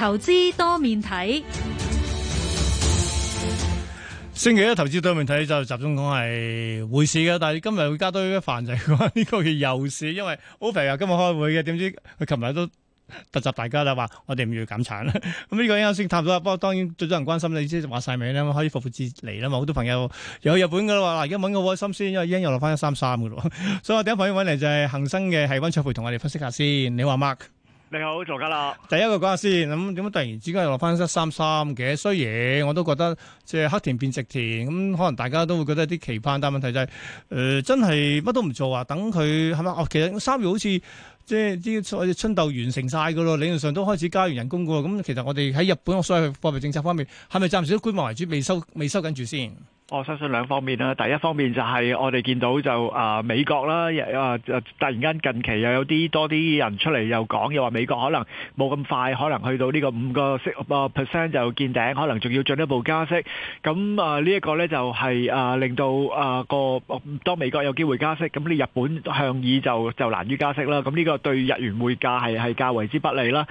投資多面睇，星期一投資多面睇就集中講係匯市嘅，但係今日加多一就範疇，呢個月又市，因為好肥 e 今日開會嘅，點知佢琴日都突襲大家啦，話我哋唔要減產啦。咁 呢、嗯這個先探討，不過當然最多人關心你知，即係話晒名啦，可以復活至嚟啦嘛，好多朋友又去日本嘅話嗱，而家穩個窩心先，因為 yen 又落翻一三三嘅咯， 所以我第一份先揾嚟就係恒生嘅係溫卓培同我哋分析下先，你話 Mark。你好，曹家樂。第一個講下先，咁點解突然之間又落翻一三三嘅？雖然我都覺得即係黑田變植田，咁可能大家都會覺得一啲期盼，但係問題就係、是，誒、呃、真係乜都唔做啊！等佢係咪？哦，其實三月好似即係啲春鬥完成晒噶咯，理論上都開始加完人工噶。咁其實我哋喺日本所有貨幣政策方面，係咪暫時都觀望為主，未收未收緊住先？我相信兩方面啦。第一方面就係我哋見到就啊美國啦，啊就突然間近期又有啲多啲人出嚟又講，又話美國可能冇咁快，可能去到呢個五個息啊 percent 就見頂，可能仲要進一步加息。咁啊呢一個呢就係啊令到啊個當美國有機會加息，咁你日本向以就就難於加息啦。咁呢個對日元匯價係係較為之不利啦。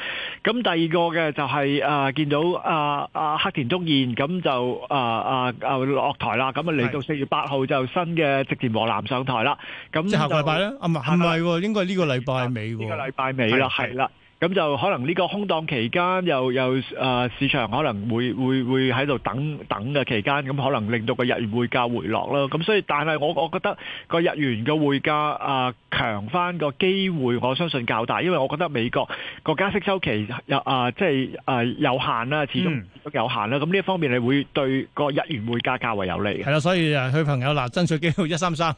咁第二個嘅就係啊見到啊啊黑田東彥咁就啊啊啊落台。啦咁啊嚟到四月八號就新嘅直電王藍上台啦，咁即係下個禮拜咧，唔係唔係喎，應該係呢個禮拜尾喎，呢、 啊呢個禮拜尾啦，係啦。 咁就可能呢個空檔期間又，又又誒、呃、市場可能會會會喺度等等嘅期間，咁可能令到個日元匯價回落咯。咁所以，但係我我覺得個日元嘅匯價啊、呃、強翻個機會，我相信較大，因為我覺得美國個加息週期有啊、呃，即係啊有限啦，呃、始終始終有限啦。咁呢一方面你會對個日元匯價較為有利嘅。係啦，所以啊，佢朋友嗱，爭取機會一三三，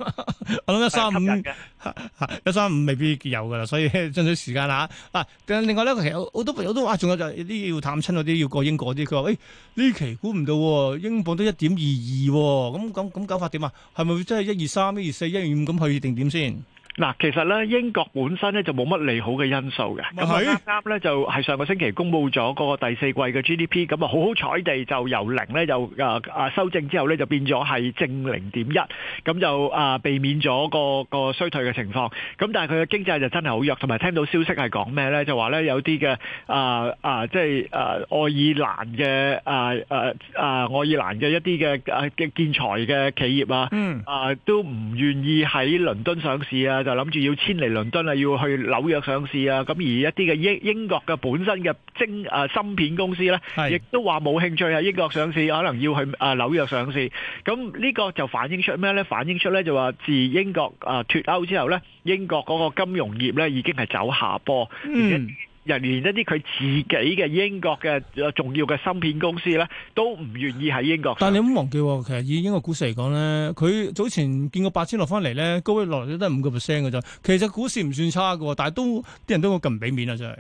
我諗一三五，一三五未必有㗎啦，所以爭取時間啦嚇啊！另外咧，其實好多朋友都話，仲有就係啲要探親嗰啲，要過英國啲。佢話：，誒、哎、呢期估唔到、喎，英鎊都一點二二，咁咁咁搞法點啊？係咪會真係一二三、一二四、一二五咁去定點先？嗱，其實咧英國本身咧就冇乜利好嘅因素嘅，咁啱啱咧就係上個星期公布咗嗰個第四季嘅 GDP，咁啊好好彩地就由零咧又啊啊修正之後咧就變咗係正零點一，咁就啊避免咗個個衰退嘅情況。咁但係佢嘅經濟就真係好弱，同埋聽到消息係講咩咧？就話咧有啲嘅啊啊，即係啊愛爾蘭嘅啊啊啊愛爾蘭嘅一啲嘅嘅建材嘅企業啊，啊都唔願意喺倫敦上市啊！諗住要遷離倫敦啊，要去紐約上市啊，咁而一啲嘅英英國嘅本身嘅芯片公司呢，亦都話冇興趣喺英國上市，可能要去誒紐約上市。咁呢個就反映出咩呢？反映出呢就話自英國誒脱歐之後呢，英國嗰個金融業呢已經係走下坡。嗯人連一啲佢自己嘅英國嘅重要嘅芯片公司咧，都唔願意喺英國。但係你唔好忘記，其實以英國股市嚟講咧，佢早前見過八千落翻嚟咧，高位落嚟都得五個 percent 嘅啫。其實股市唔算差嘅，但係都啲人都咁唔俾面啊，真係。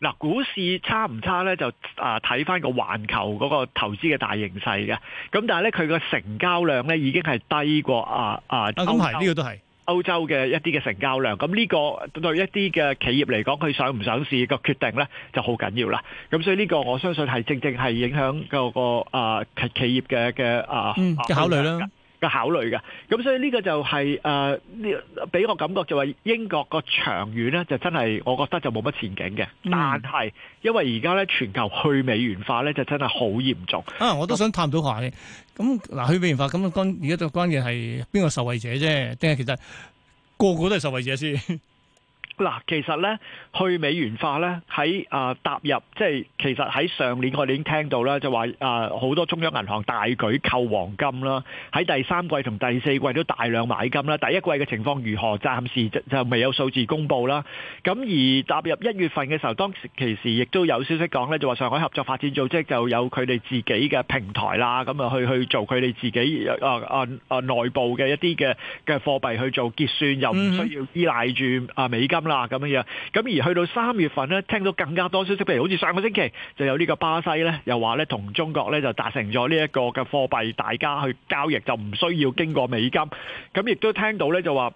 嗱，股市差唔差咧？就啊，睇翻個環球嗰個投資嘅大形勢嘅。咁但係咧，佢個成交量咧已經係低過、呃呃、啊、嗯嗯、洲啊咁係呢個都係。嗯嗯嗯嗯嗯嗯嗯歐洲嘅一啲嘅成交量，咁呢個對一啲嘅企業嚟講，佢上唔上市個決定呢就好緊要啦。咁所以呢個我相信係正正係影響、嗰個啊企、呃、企業嘅嘅、呃嗯、啊考慮啦。考慮嘅，咁所以呢個就係、是、誒，俾、呃、我感覺就話英國個長遠咧，就真係我覺得就冇乜前景嘅。嗯、但係因為而家咧全球去美元化咧，就真係好嚴重。啊，我都想探討下嘅。咁嗱，去美元化咁關而家就關鍵係邊個受惠者啫？定係其實個個都係受惠者先。 嗱，其實咧，去美元化咧，喺啊，踏入即係其實喺上年我哋已經聽到咧，就話啊，好多中央銀行大舉購黃金啦，喺第三季同第四季都大量買金啦。第一季嘅情況如何？暫時就就未有數字公布啦。咁而踏入一月份嘅時候，當時其實亦都有消息講咧，就話上海合作發展組織就有佢哋自己嘅平台啦，咁啊去去做佢哋自己啊啊啊內部嘅一啲嘅嘅貨幣去做結算，又唔需要依賴住啊美金。啦咁樣樣，咁而去到三月份呢，聽到更加多消息，譬如好似上個星期就有呢個巴西呢，又話呢同中國呢就達成咗呢一個嘅貨幣，大家去交易就唔需要經過美金。咁亦都聽到呢，就話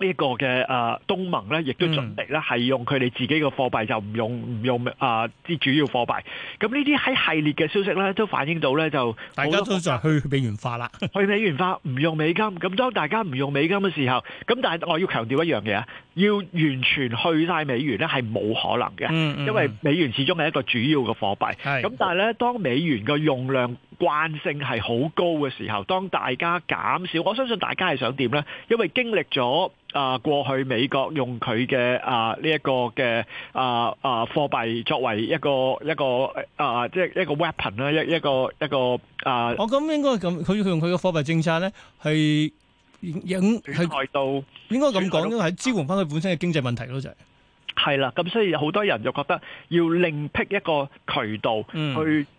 呢個嘅誒東盟呢，亦都準備呢係用佢哋自己嘅貨幣，就唔用唔用啊啲、呃、主要貨幣。咁呢啲喺系列嘅消息呢，都反映到呢，就大家都就去美元化啦， 去美元化唔用美金。咁當大家唔用美金嘅時候，咁但係我要強調一樣嘢啊。要完全去晒美元呢，係冇可能嘅，因為美元始終係一個主要嘅貨幣，咁、嗯、但係呢，當美元嘅用量慣性係好高嘅時候，當大家減少，我相信大家係想點呢？因為經歷咗啊、呃、過去美國用佢嘅啊呢一個嘅啊啊貨幣作為一個一個啊、呃、即係一個 weapon 啦，一一個一個啊。呃、我咁應該咁佢用佢嘅貨幣政策呢，係。影係應該咁講咯，因為係支援翻佢本身嘅經濟問題咯，就係。係啦，咁所以好多人就覺得要另闢一個渠道去、嗯、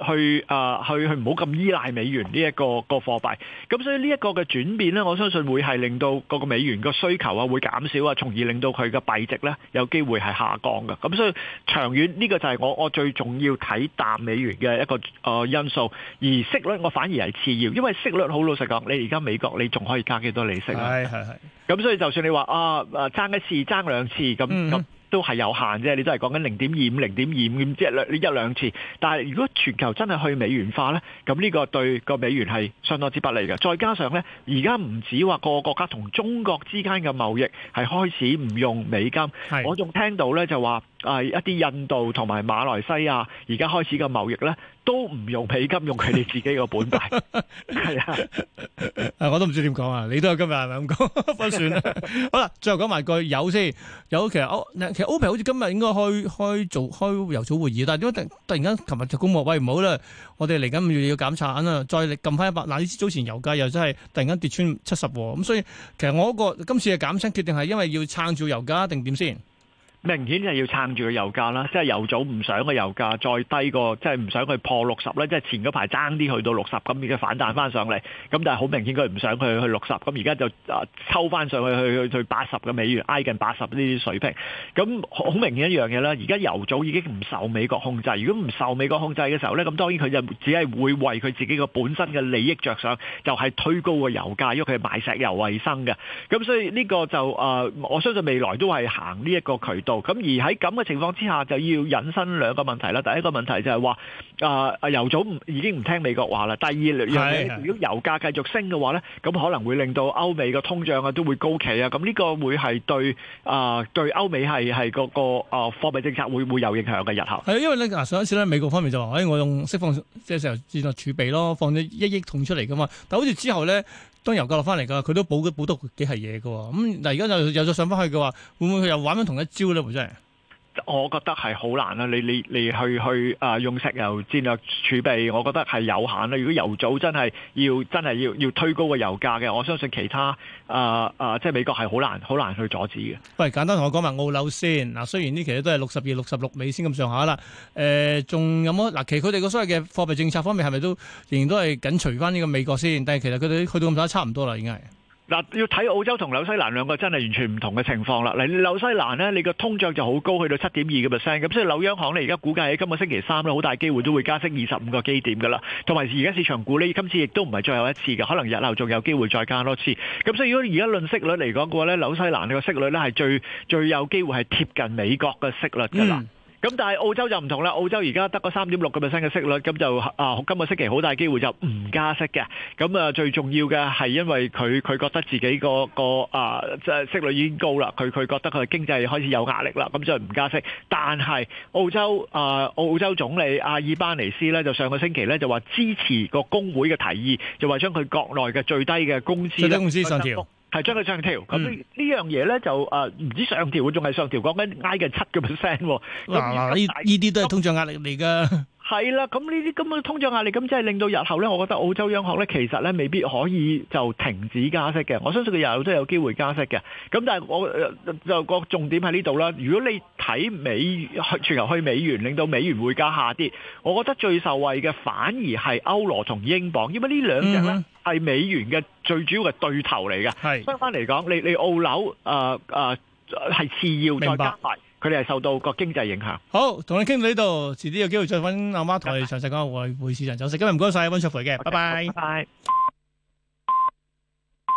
去啊、uh,，去去唔好咁依賴美元呢、這、一個、這個貨幣。咁、這個、所以呢一個嘅轉變咧，我相信會係令到個個美元個需求啊會減少啊，從而令到佢嘅幣值咧有機會係下降嘅。咁所以長遠呢、這個就係我我最重要睇淡美元嘅一個誒、呃、因素。而息率我反而係次要，因為息率好老實講，你而家美國你仲可以加幾多利息啊？係係係。咁、哎哎、所以就算你話啊爭、呃呃呃、一次爭兩次咁咁。都係有限啫，你都係講緊零點二五、零點二五，即係兩你一兩次。但係如果全球真係去美元化呢，咁呢個對個美元係相當之不利㗎。再加上呢，而家唔止話個國家同中國之間嘅貿易係開始唔用美金，我仲聽到呢就話。係、啊、一啲印度同埋馬來西亞而家開始嘅貿易咧，都唔用美金，用佢哋自己嘅本幣。係 啊，我都唔知點講啊。你都有今日係咪咁講？不算啦。好啦，最後講埋句有先有其。其實歐，其實歐佩好似今日應該開開做開油草會議，但係點突突然間琴日就公佈喂，唔好咧？我哋嚟緊五月要減產啦，再撳翻一百。嗱，呢啲早前油價又真係突然間跌穿七十喎。咁所以其實我嗰、那個今次嘅減產決定係因為要撐住油價定點先？明顯係要撐住個油價啦，即係油組唔想個油價再低過，即係唔想佢破六十咧。即係前嗰排爭啲去到六十，咁而家反彈翻上嚟，咁但係好明顯佢唔想佢去六十，咁而家就啊抽翻上去去去八十嘅美元，挨近八十呢啲水平。咁好明顯一樣嘢啦，而家油組已經唔受美國控制。如果唔受美國控制嘅時候咧，咁當然佢就只係會為佢自己嘅本身嘅利益着想，就係、是、推高個油價，因為佢賣石油為生嘅。咁所以呢個就啊，我相信未來都係行呢一個渠道。咁而喺咁嘅情況之下，就要引申兩個問題啦。第一個問題就係話，啊啊油組已經唔聽美國話啦。第二，如果你如果油價繼續升嘅話咧，咁可能會令到歐美嘅通脹啊都會高企啊。咁呢個會係對啊對歐美係係嗰個啊貨幣政策會唔會有影響嘅日後。係啊，因為咧嗱，上一次咧美國方面就話，誒我用釋放即係石油戰略儲備咯，放咗一億桶出嚟噶嘛。但係好似之後咧。當油價落翻嚟㗎，佢都補嘅補得幾係嘢㗎喎。咁但，而家又又再上翻去嘅話，會唔會佢又玩緊同一招咧？冇真係。我覺得係好難啦，你你你去去啊、呃、用石油戰略儲備，我覺得係有限啦。如果油組真係要真係要要推高個油價嘅，我相信其他啊啊、呃呃、即係美國係好難好難去阻止嘅。喂，簡單同我講埋澳紐先嗱、啊，雖然呢期都係六十二六十六美仙咁上下啦，誒、啊、仲有冇嗱、啊？其實佢哋個所謂嘅貨幣政策方面係咪都仍然都係緊隨翻呢個美國先？但係其實佢哋去到咁上下差唔多啦，已經係。嗱，要睇澳洲同紐西蘭兩個真係完全唔同嘅情況啦。嚟紐西蘭呢，你個通脹就好高，去到七點二嘅 percent 咁，所以紐央行呢而家估計喺今日星期三呢，好大機會都會加息二十五個基點噶啦。同埋而家市場估呢，今次亦都唔係最後一次嘅，可能日後仲有機會再加多次。咁所以如果而家論息率嚟講嘅話呢，紐西蘭呢個息率呢係最最有機會係貼近美國嘅息率㗎啦。嗯咁但係澳洲就唔同啦，澳洲而家得個三點六咁嘅新嘅息率，咁就啊今個星期好大機會就唔加息嘅。咁啊最重要嘅係因為佢佢覺得自己個個啊息率已經高啦，佢佢覺得佢經濟開始有壓力啦，咁就唔加息。但係澳洲啊澳洲總理阿爾班尼斯呢就上個星期呢就話支持個工會嘅提議，就話將佢國內嘅最低嘅工資最低工資上調。係將佢上調，咁、嗯、呢呢樣嘢咧就誒唔止上調，仲係上調，講緊挨近七個 percent 喎。咁依啲都係通脹壓力嚟㗎。 係啦，咁呢啲咁嘅通脹壓力，咁即係令到日後呢，我覺得澳洲央行呢，其實呢未必可以就停止加息嘅。我相信佢日後都有機會加息嘅。咁但係我就個重點喺呢度啦。如果你睇美去全球去美元，令到美元匯價下跌，我覺得最受惠嘅反而係歐羅同英鎊，因為兩呢兩隻呢係美元嘅最主要嘅對頭嚟嘅，係相反嚟講，你你澳樓誒誒係次要再加佢哋係受到個經濟影響。好，同你傾到呢度，遲啲有機會再揾阿媽同你詳細講外匯市場走勢。今日唔該晒，溫灼培嘅，拜拜。拜拜。